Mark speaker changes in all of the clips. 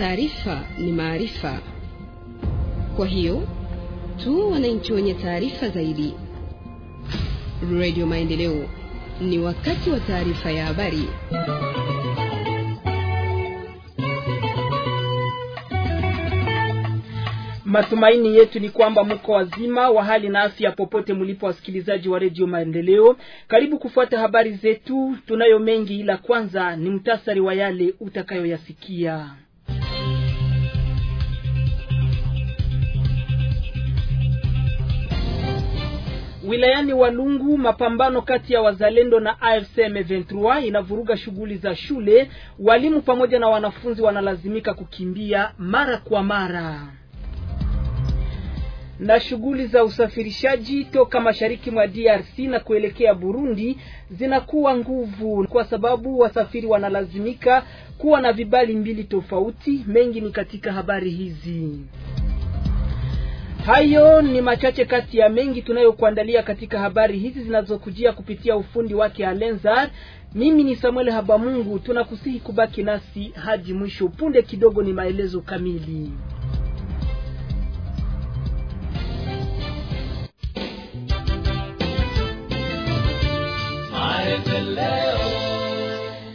Speaker 1: Taarifa
Speaker 2: ni maarifa, kwa hiyo tu wananchi wenye taarifa zaidi. Radio Maendeleo, ni wakati wa taarifa ya habari.
Speaker 3: Matumaini yetu ni kwamba mko wazima wa hali na afya popote mlipo, wasikilizaji wa redio Maendeleo. Karibu kufuata habari zetu, tunayo mengi, ila kwanza ni mtasari wa yale utakayoyasikia. Wilayani Walungu, mapambano kati ya wazalendo na AFC M23 inavuruga shughuli za shule. Walimu pamoja na wanafunzi wanalazimika kukimbia mara kwa mara. Na shughuli za usafirishaji toka mashariki mwa DRC na kuelekea Burundi zinakuwa nguvu kwa sababu wasafiri wanalazimika kuwa na vibali mbili tofauti. Mengi ni katika habari hizi. Hayo ni machache kati ya mengi tunayokuandalia katika habari hizi zinazokujia kupitia ufundi wake Alenzar. Mimi ni Samuel Habamungu, tunakusihi kubaki nasi hadi mwisho. Punde kidogo ni maelezo kamili.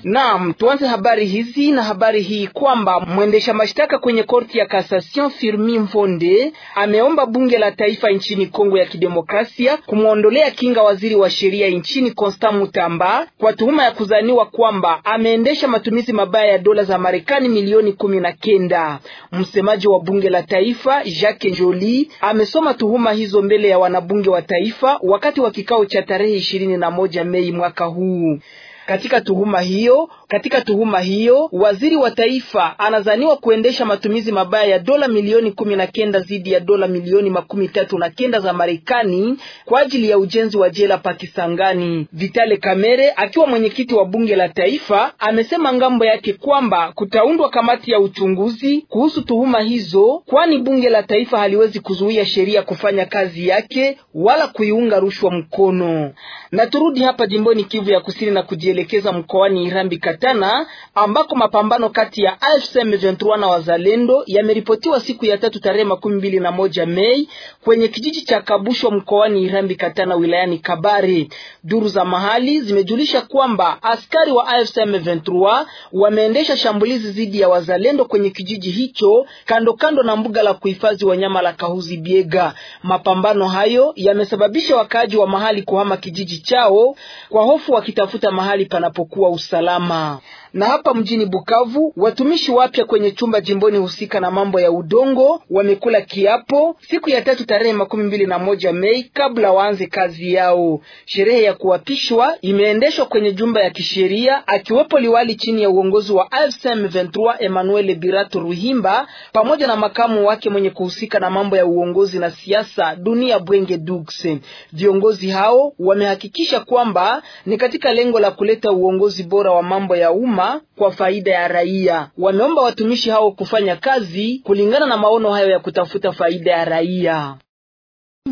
Speaker 3: Naam, tuanze habari hizi na habari hii kwamba mwendesha mashtaka kwenye korti ya Cassation Firmin Mvonde ameomba bunge la taifa nchini Kongo ya Kidemokrasia kumwondolea kinga waziri wa sheria nchini Constant Mutamba kwa tuhuma ya kuzaniwa kwamba ameendesha matumizi mabaya ya dola za Marekani milioni kumi na kenda. Msemaji wa bunge la taifa Jacques Njoli amesoma tuhuma hizo mbele ya wanabunge wa taifa wakati wa kikao cha tarehe ishirini na moja Mei mwaka huu. Katika tuhuma hiyo katika tuhuma hiyo, waziri wa taifa anazaniwa kuendesha matumizi mabaya ya dola milioni kumi na kenda zidi ya dola milioni makumi tatu na kenda za Marekani kwa ajili ya ujenzi wa jela Pakisangani. Vitale Kamere akiwa mwenyekiti wa bunge la taifa amesema ngambo yake kwamba kutaundwa kamati ya uchunguzi kuhusu tuhuma hizo, kwani bunge la taifa haliwezi kuzuia sheria kufanya kazi yake wala kuiunga rushwa mkono. Na turudi hapa jimboni Kivu ya Kusini na kujielekeza mkoani Irambi jana ambako mapambano kati ya AFC M23 na wazalendo yameripotiwa siku ya tatu tarehe makumi mbili na moja Mei kwenye kijiji cha Kabushwa mkoani Irambi Katana wilayani Kabari. Duru za mahali zimejulisha kwamba askari wa AFC M23 wameendesha shambulizi dhidi ya wazalendo kwenye kijiji hicho kando kando na mbuga la kuhifadhi wanyama la Kahuzi Biega. Mapambano hayo yamesababisha wakaaji wa mahali kuhama kijiji chao kwa hofu wakitafuta mahali panapokuwa usalama. 아. Na hapa mjini Bukavu, watumishi wapya kwenye chumba jimboni husika na mambo ya udongo wamekula kiapo siku ya tatu tarehe makumi mbili na moja Mei kabla waanze kazi yao. Sherehe ya kuapishwa imeendeshwa kwenye jumba ya kisheria, akiwepo liwali chini ya uongozi wa AFC/M23 Emmanuel Birato Ruhimba pamoja na makamu wake mwenye kuhusika na mambo ya uongozi na siasa Dunia Bwenge Dugse. Viongozi hao wamehakikisha kwamba ni katika lengo la kuleta uongozi bora wa mambo ya umma kwa faida ya raia. Wameomba watumishi hao kufanya kazi kulingana na maono hayo ya kutafuta faida ya raia.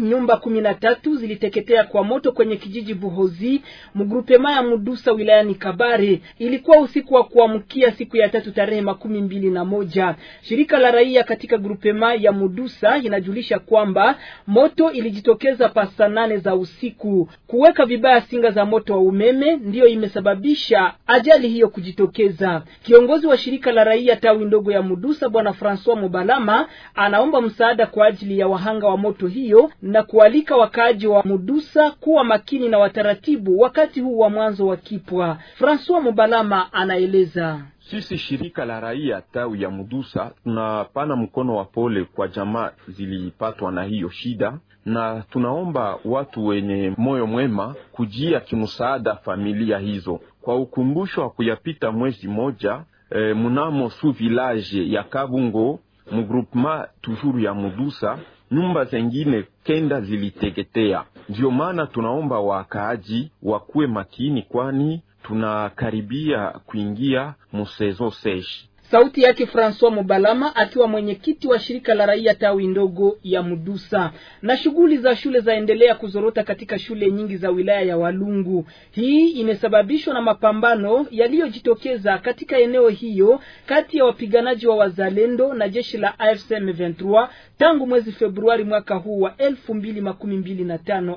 Speaker 3: Nyumba kumi na tatu ziliteketea kwa moto kwenye kijiji Buhozi mgrupema ya Mudusa wilayani Kabare. Ilikuwa usiku wa kuamkia siku ya tatu tarehe makumi mbili na moja. Shirika la raia katika grupema ya Mudusa inajulisha kwamba moto ilijitokeza pa saa nane za usiku. Kuweka vibaya singa za moto wa umeme ndiyo imesababisha ajali hiyo kujitokeza. Kiongozi wa shirika la raia tawi ndogo ya Mudusa Bwana Francois Mobalama anaomba msaada kwa ajili ya wahanga wa moto hiyo na kualika wakaaji wa Mudusa kuwa makini na wataratibu wakati huu wa mwanzo wa kipwa. Francois Mubalama anaeleza.
Speaker 4: Sisi shirika la raia tawi ya Mudusa tunapana mkono wa pole kwa jamaa zilipatwa na hiyo shida, na tunaomba watu wenye moyo mwema kujia kimsaada familia hizo kwa ukumbusho wa kuyapita mwezi moja e, mnamo su village ya Kabungo mugroupema tujuru ya Mudusa nyumba zengine kenda ziliteketea. Ndiyo maana tunaomba wakaaji wakuwe makini, kwani tunakaribia kuingia musezo seshi.
Speaker 3: Sauti yake Francois Mubalama akiwa mwenyekiti wa shirika la raia tawi ndogo ya Mdusa. Na shughuli za shule zaendelea kuzorota katika shule nyingi za wilaya ya Walungu. Hii imesababishwa na mapambano yaliyojitokeza katika eneo hiyo kati ya wapiganaji wa wazalendo na jeshi la AFC M23 tangu mwezi Februari mwaka huu wa elfu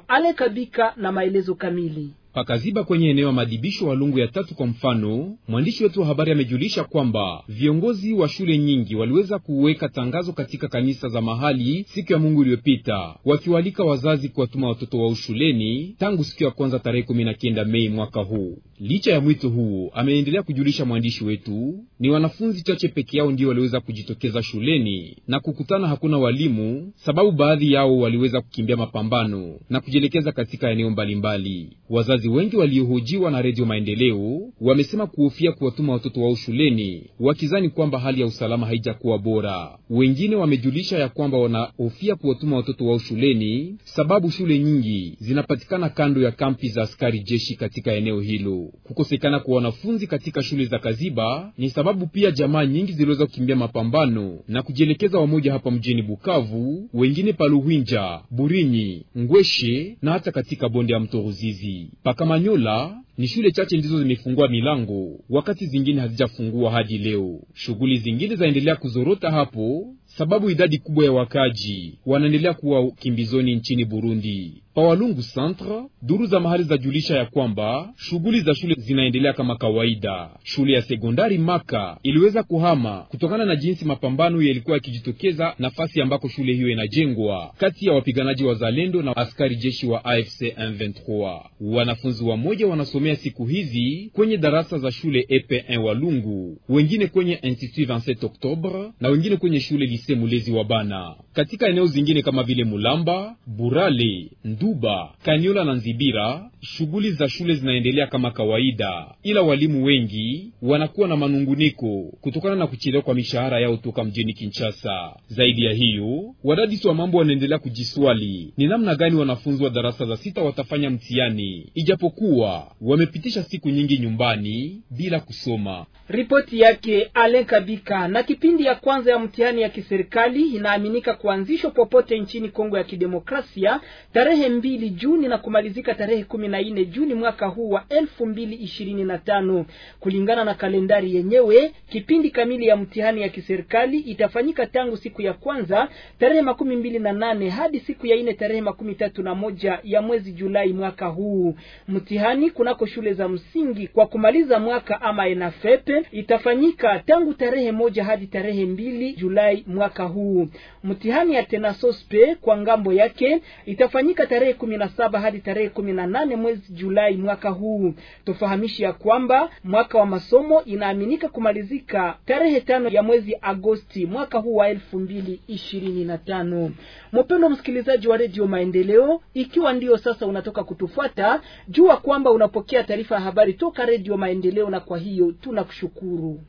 Speaker 3: Alekabika na maelezo kamili
Speaker 4: pakaziba kwenye eneo ya wa lungu ya tatu. Kwa mfano, mwandishi wetu wa habari amejulisha kwamba viongozi wa shule nyingi waliweza kuweka tangazo katika kanisa za mahali siku ya Mungu iliyopita, wakiwalika wazazi kuwatuma watoto wao shuleni tangu siku ya kwanza tarehe 19 Mei mwaka huu. Licha ya mwito huo, ameendelea kujulisha mwandishi wetu, ni wanafunzi chache peke yao ndio waliweza kujitokeza shuleni na kukutana, hakuna walimu sababu baadhi yao waliweza kukimbia mapambano na kujielekeza katika eneo mbalimbali. Wazazi wengi waliohojiwa na Redio Maendeleo wamesema kuhofia kuwatuma watoto wao shuleni, wakizani kwamba hali ya usalama haijakuwa bora. Wengine wamejulisha ya kwamba wanahofia kuwatuma watoto wao shuleni sababu shule nyingi zinapatikana kando ya kampi za askari jeshi katika eneo hilo. Kukosekana kwa wanafunzi katika shule za Kaziba ni sababu pia jamaa nyingi ziliweza kukimbia mapambano na kujielekeza wamoja hapa mjini Bukavu, wengine Paluhinja, Burinyi, Ngweshe na hata katika bonde ya mto Ruzizi. Pakamanyola ni shule chache ndizo zimefungua milango, wakati zingine hazijafungua hadi leo. Shughuli zingine zaendelea kuzorota hapo, sababu idadi kubwa ya wakaji wanaendelea kuwa kimbizoni nchini Burundi. Pawalungu Centre, duru za mahali julisha ya kwamba shughuli za shule zinaendelea kama kawaida. Shule ya sekondari Maka iliweza kuhama kutokana na jinsi mapambano yalikuwa yakijitokeza nafasi ambako shule hiyo inajengwa kati ya wapiganaji wa Zalendo na askari jeshi wa AFC M23. Wanafunzi wa moja wanasomea siku hizi kwenye darasa za shule EP1 Walungu, wengine kwenye Institut 27 Oktobre na wengine kwenye shule Lise Mulezi wa Bana, katika eneo zingine kama vile Mulamba, Burale, Nduba, Kaniola na Nzibira. Shughuli za shule zinaendelea kama kawaida, ila walimu wengi wanakuwa na manunguniko kutokana na kuchelewa kwa mishahara yao toka mjini Kinshasa. Zaidi ya hiyo, wadadisi wa mambo wanaendelea kujiswali ni namna gani wanafunzi wa darasa za sita watafanya mtihani ijapokuwa wamepitisha siku nyingi nyumbani bila kusoma.
Speaker 3: Ripoti yake Alen Kabika. Na kipindi ya kwanza ya mtihani ya kiserikali inaaminika kuanzishwa popote nchini Kongo ya Kidemokrasia tarehe mbili Juni na kumalizika tarehe kumi na nne Juni mwaka huu wa elfu mbili ishirini na tano kulingana na kalendari yenyewe. Kipindi kamili ya mtihani ya kiserikali itafanyika tangu siku ya kwanza tarehe makumi mbili na nane hadi siku ya nne tarehe makumi tatu na moja ya mwezi Julai mwaka huu. Mtihani kunako shule za msingi kwa kumaliza mwaka ama ENAFEP itafanyika tangu tarehe moja hadi tarehe mbili Julai mwaka huu. Mtihani ya tenasospe kwa ngambo yake itafanyika tarehe kumi na saba hadi tarehe kumi na nane mwezi Julai mwaka huu. Tufahamishi ya kwamba mwaka wa masomo inaaminika kumalizika tarehe tano ya mwezi Agosti mwaka huu wa elfu mbili ishirini na tano. Mpendwa msikilizaji wa redio Maendeleo, ikiwa ndiyo sasa unatoka kutufuata, jua kwamba unapokea kutuletea taarifa ya habari toka Redio Maendeleo, na kwa hiyo tunakushukuru.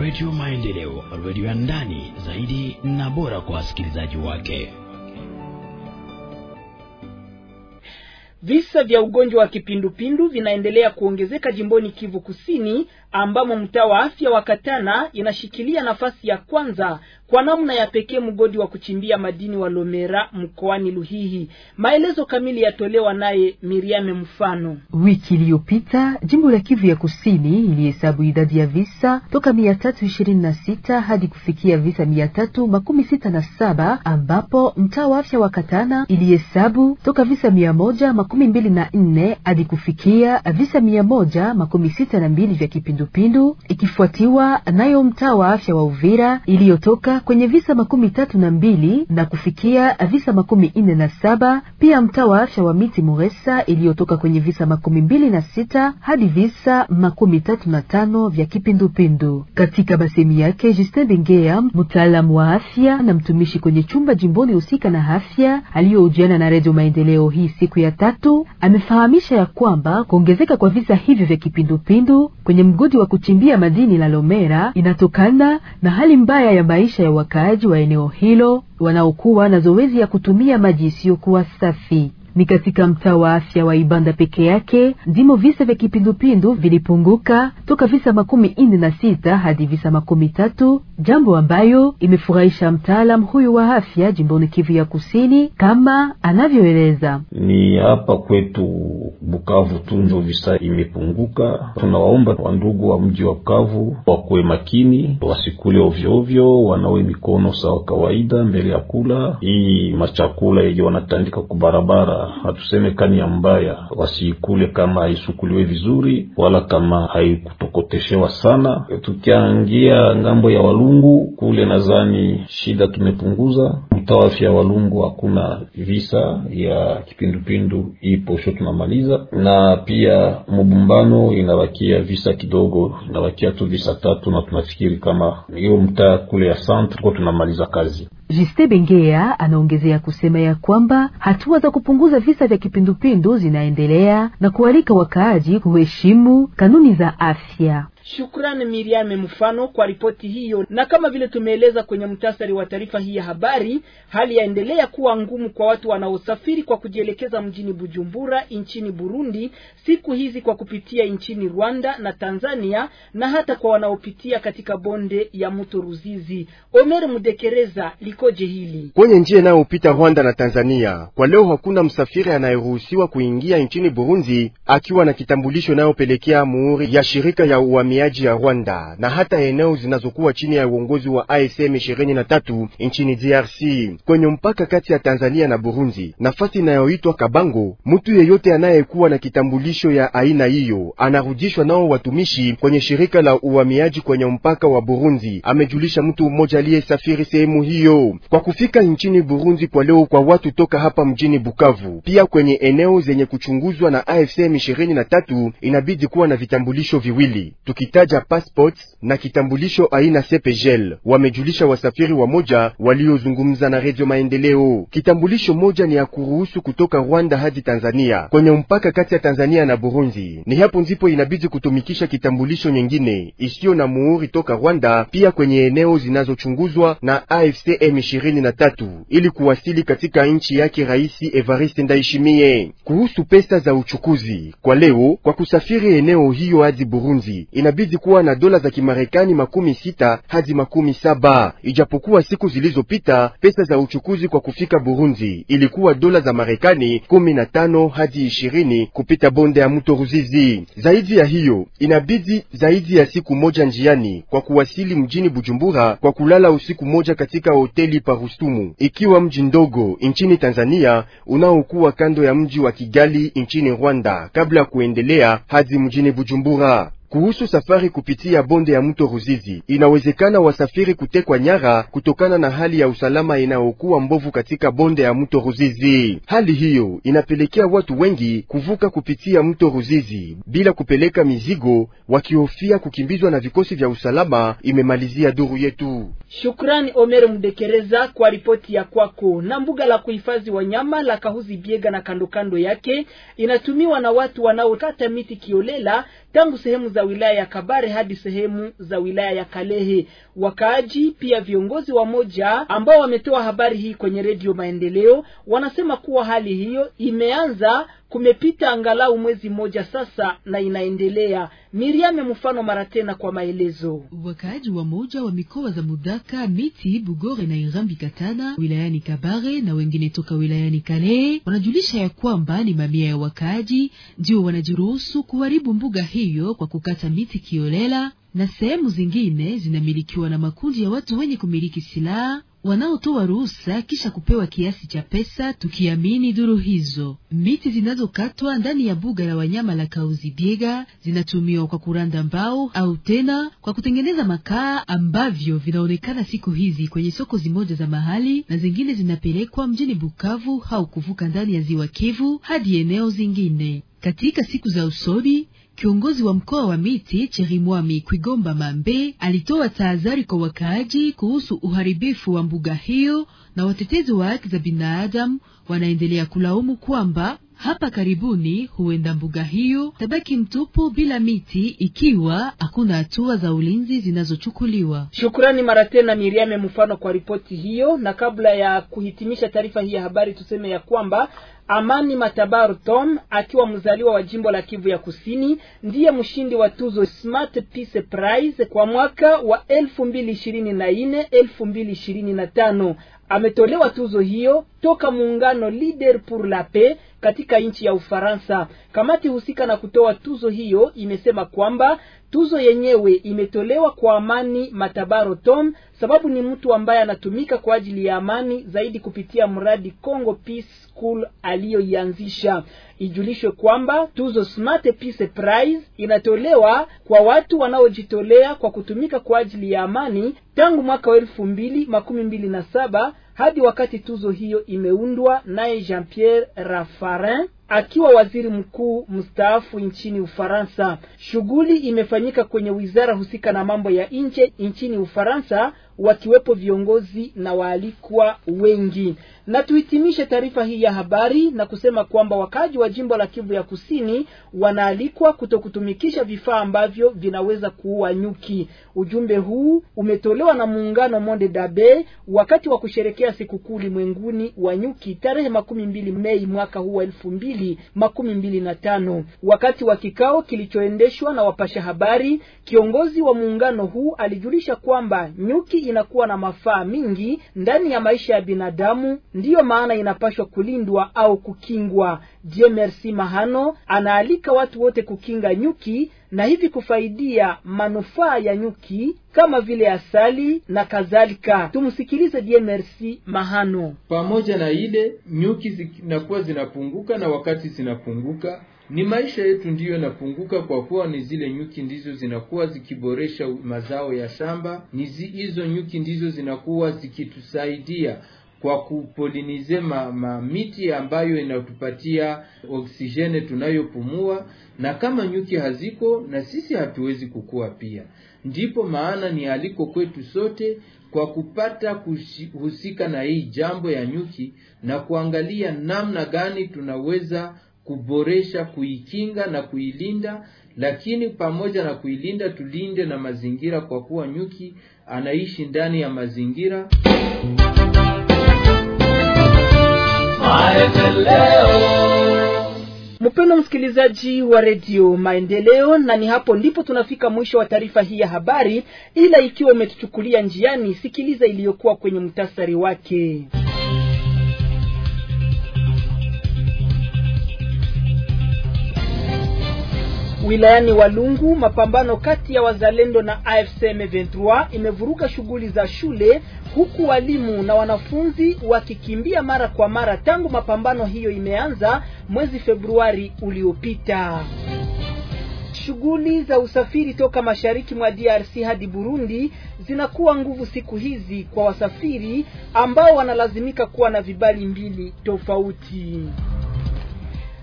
Speaker 3: Redio Maendeleo, redio ya ndani zaidi na bora kwa wasikilizaji wake. Visa vya ugonjwa wa kipindupindu vinaendelea kuongezeka jimboni Kivu Kusini ambamo mtaa wa afya wa Katana inashikilia nafasi ya kwanza kwa namna ya pekee mgodi wa kuchimbia madini wa Lomera mkoani Luhihi. Maelezo kamili yatolewa naye Miriame Mfano.
Speaker 2: Wiki iliyopita jimbo la Kivu ya Kusini ilihesabu idadi ya visa toka mia tatu ishirini na sita hadi kufikia visa mia tatu makumi sita na saba ambapo mtaa wa afya wa Katana ilihesabu toka visa mia moja makumi mbili na nne hadi kufikia visa mia moja makumi sita na mbili vya kipindu kipindupindu ikifuatiwa nayo mtaa wa afya wa Uvira iliyotoka kwenye visa makumi tatu na mbili na kufikia visa makumi nne na saba pia mtaa wa afya wa Miti Muresa iliyotoka kwenye visa makumi mbili na sita hadi visa makumi tatu na tano vya kipindupindu. Katika masemi yake, Justin Bengea, mtaalamu wa afya na mtumishi kwenye chumba jimboni husika na afya, aliyohojiana na Redio Maendeleo hii siku ya tatu, amefahamisha ya kwamba kuongezeka kwa visa hivyo vya kipindupindu kwenye mgodi mgodi wa kuchimbia madini la Lomera inatokana na hali mbaya ya maisha ya wakaaji wa eneo hilo wanaokuwa na zoezi ya kutumia maji isiyokuwa safi. Ni katika mtaa wa afya wa Ibanda peke yake ndimo visa vya kipindupindu vilipunguka toka visa makumi nne na sita hadi visa makumi tatu jambo ambayo imefurahisha mtaalam huyu wa afya jimboni Kivu ya Kusini, kama anavyoeleza.
Speaker 4: Ni hapa kwetu Bukavu tu njo visa imepunguka. Tunawaomba wandugu wa mji wa Bukavu wakuwe makini, wasikule ovyoovyo, wanawe mikono sawa kawaida mbele ya kula. Hii machakula yenye wanatandika kwa barabara hatuseme kani mbaya, wasiikule kama haisukuliwe vizuri wala kama haikutokoteshewa sana. Tukiangia ngambo ya Walungu kule, nadhani shida tumepunguza mtawafi ya Walungu, hakuna visa ya kipindupindu ipo sho tunamaliza, na pia Mubumbano inabakia visa kidogo, inabakia tu visa tatu, na tunafikiri kama hiyo mtaa kule ya centre ko tunamaliza kazi.
Speaker 2: Jiste Bengea anaongezea kusema ya kwamba hatua za kupunguza kupunguza visa vya kipindupindu zinaendelea na kualika wakaaji kuheshimu kanuni za afya.
Speaker 3: Shukrani miriam Mfano kwa ripoti hiyo. Na kama vile tumeeleza kwenye mtasari wa taarifa hii ya habari, hali yaendelea kuwa ngumu kwa watu wanaosafiri kwa kujielekeza mjini Bujumbura nchini Burundi siku hizi kwa kupitia nchini Rwanda na Tanzania, na hata kwa wanaopitia katika bonde ya mto Ruzizi. Omer Mudekereza, likoje hili
Speaker 1: kwenye njia inayopita Rwanda na Tanzania? Kwa leo hakuna msafiri anayeruhusiwa kuingia nchini Burundi akiwa na kitambulisho inayopelekea muhuri ya shirika ya uami wahamiaji ya Rwanda na hata eneo zinazokuwa chini ya uongozi wa ASM 23 nchini DRC kwenye mpaka kati ya Tanzania na Burundi, nafasi inayoitwa Kabango. Mtu yeyote anayekuwa na kitambulisho ya aina hiyo anarudishwa nao watumishi kwenye shirika la uhamiaji kwenye mpaka wa Burundi, amejulisha mtu mmoja aliyesafiri sehemu hiyo kwa kufika nchini Burundi kwa leo kwa watu toka hapa mjini Bukavu. Pia kwenye eneo zenye kuchunguzwa na AFC M23 inabidi kuwa na vitambulisho viwili Tuki kitaja passports na kitambulisho aina CPGL, wamejulisha wasafiri wa moja waliozungumza na Radio Maendeleo. Kitambulisho moja ni ya kuruhusu kutoka Rwanda hadi Tanzania kwenye mpaka kati ya Tanzania na Burundi. Ni hapo ndipo inabidi kutumikisha kitambulisho nyingine isiyo na muhuri toka Rwanda, pia kwenye eneo zinazochunguzwa na AFC M23 ili kuwasili katika nchi yake Rais Evariste Ndayishimiye. Kuhusu pesa za uchukuzi kwa leo, kwa kusafiri eneo hiyo hadi Burundi ina inabidi kuwa na dola za Kimarekani makumi sita hadi makumi saba ijapokuwa siku zilizopita pesa za uchukuzi kwa kufika Burundi ilikuwa dola za Marekani kumi na tano hadi ishirini kupita bonde ya mto Ruzizi. Zaidi ya hiyo, inabidi zaidi ya siku moja njiani kwa kuwasili mjini Bujumbura kwa kulala usiku moja katika hoteli Parusumu, ikiwa mji ndogo nchini Tanzania unaokuwa kando ya mji wa Kigali nchini Rwanda kabla ya kuendelea hadi mjini Bujumbura kuhusu safari kupitia bonde ya mto Ruzizi. Inawezekana wasafiri kutekwa nyara kutokana na hali ya usalama inayokuwa mbovu katika bonde ya mto Ruzizi. Hali hiyo inapelekea watu wengi kuvuka kupitia mto Ruzizi bila kupeleka mizigo, wakihofia kukimbizwa na vikosi vya usalama, imemalizia duru yetu.
Speaker 3: Shukrani Omer Mdekereza kwa ripoti ya kwako. Na mbuga la kuhifadhi wanyama la Kahuzi Biega na kandokando yake inatumiwa na watu wanaokata miti kiolela tangu sehemu za za wilaya ya Kabare hadi sehemu za wilaya ya Kalehe. Wakaaji pia viongozi wa moja ambao wametoa habari hii kwenye redio Maendeleo wanasema kuwa hali hiyo imeanza kumepita angalau mwezi mmoja sasa na inaendelea. Miriame mfano mara tena kwa maelezo.
Speaker 2: Wakaaji wa moja wa mikoa za Mudaka, Miti, Bugore na Irambi Katana wilayani Kabare na wengine toka wilayani Kalehe wanajulisha ya kwamba ni mamia ya wakaaji ndio wanajiruhusu kuharibu mbuga hiyo kwa kuka kukata miti kiolela na sehemu zingine zinamilikiwa na makundi ya watu wenye kumiliki silaha wanaotoa ruhusa kisha kupewa kiasi cha pesa, tukiamini duru hizo. Miti zinazokatwa ndani ya mbuga la wanyama la Kauzi Biega zinatumiwa kwa kuranda mbao au tena kwa kutengeneza makaa ambavyo vinaonekana siku hizi kwenye soko zimoja za mahali na zingine zinapelekwa mjini Bukavu au kuvuka ndani ya ziwa Kivu hadi eneo zingine. Katika siku za usoni Kiongozi wa mkoa wa miti Cherimwami Kwigomba Mambe alitoa tahadhari kwa wakaaji kuhusu uharibifu wa mbuga hiyo, na watetezi wa haki za binadamu wanaendelea kulaumu kwamba hapa karibuni huenda mbuga hiyo tabaki mtupu bila miti ikiwa hakuna hatua za ulinzi zinazochukuliwa. Shukrani mara
Speaker 3: tena Miriam, mfano kwa ripoti hiyo. Na kabla ya kuhitimisha taarifa hii ya habari, tuseme ya kwamba Amani Matabaru Tom akiwa mzaliwa wa jimbo la Kivu ya Kusini ndiye mshindi wa tuzo Smart Peace Prize kwa mwaka wa elfu mbili ishirini na elfu ishirini na tano. Ametolewa tuzo hiyo toka muungano Leader pour la Paix katika nchi ya Ufaransa. Kamati husika na kutoa tuzo hiyo imesema kwamba tuzo yenyewe imetolewa kwa Amani Matabaro Tom, sababu ni mtu ambaye anatumika kwa ajili ya amani zaidi kupitia mradi Congo Peace School aliyoianzisha. Ijulishwe kwamba tuzo Smart Peace Prize inatolewa kwa watu wanaojitolea kwa kutumika kwa ajili ya amani tangu mwaka wa elfu mbili makumi mbili na saba hadi wakati tuzo hiyo imeundwa, naye Jean Pierre Raffarin akiwa waziri mkuu mstaafu nchini Ufaransa. Shughuli imefanyika kwenye wizara husika na mambo ya nje nchini Ufaransa wakiwepo viongozi na waalikwa wengi. Na tuhitimishe taarifa hii ya habari na kusema kwamba wakaji wa jimbo la Kivu ya Kusini wanaalikwa kutokutumikisha vifaa ambavyo vinaweza kuua nyuki. Ujumbe huu umetolewa na muungano Monde Dabe wakati wa kusherekea sikukuu ulimwenguni wa nyuki tarehe makumi mbili Mei mwaka huu wa elfu mbili makumi mbili na tano. Wakati wa kikao kilichoendeshwa na wapasha habari, kiongozi wa muungano huu alijulisha kwamba nyuki inakuwa na mafaa mingi ndani ya maisha ya binadamu, ndiyo maana inapashwa kulindwa au kukingwa. Je, Merci Mahano anaalika watu wote kukinga nyuki na hivi kufaidia manufaa ya nyuki kama vile asali na kadhalika. Tumsikilize DMRC Merci Mahano.
Speaker 1: Pamoja na ile
Speaker 4: nyuki zinakuwa zinapunguka, na wakati zinapunguka ni maisha yetu ndiyo yanapunguka, kwa kuwa ni zile nyuki ndizo zinakuwa zikiboresha mazao ya shamba. Ni hizo nyuki ndizo zinakuwa zikitusaidia kwa kupolinize ma, ma miti ambayo inatupatia oksijeni tunayopumua, na kama nyuki haziko na sisi hatuwezi kukua pia. Ndipo maana ni aliko kwetu sote kwa kupata kuhusika na hii jambo ya nyuki na kuangalia namna gani tunaweza kuboresha, kuikinga na kuilinda. Lakini pamoja na kuilinda, tulinde na mazingira, kwa kuwa nyuki anaishi ndani ya mazingira.
Speaker 3: Mpendwa msikilizaji wa redio Maendeleo, na ni hapo ndipo tunafika mwisho wa taarifa hii ya habari, ila ikiwa umetuchukulia njiani, sikiliza iliyokuwa kwenye mtasari wake. Wilayani Walungu, mapambano kati ya wazalendo na AFC M23 imevuruga shughuli za shule, huku walimu na wanafunzi wakikimbia mara kwa mara tangu mapambano hiyo imeanza mwezi Februari uliopita. Shughuli za usafiri toka mashariki mwa DRC hadi Burundi zinakuwa nguvu siku hizi kwa wasafiri ambao wanalazimika kuwa na vibali mbili tofauti.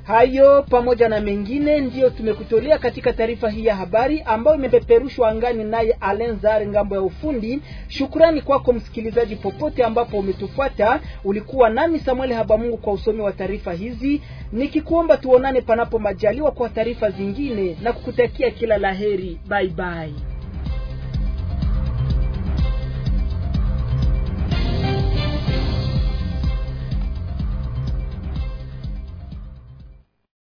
Speaker 3: Hayo pamoja na mengine ndiyo tumekutolea katika taarifa hii ya habari ambayo imepeperushwa angani naye Alenzar ngambo ya ufundi. Shukrani kwako msikilizaji, popote ambapo umetufuata. Ulikuwa nami Samuel Habamungu kwa usomi wa taarifa hizi, nikikuomba tuonane panapo majaliwa kwa taarifa zingine na kukutakia kila laheri. Bye bye.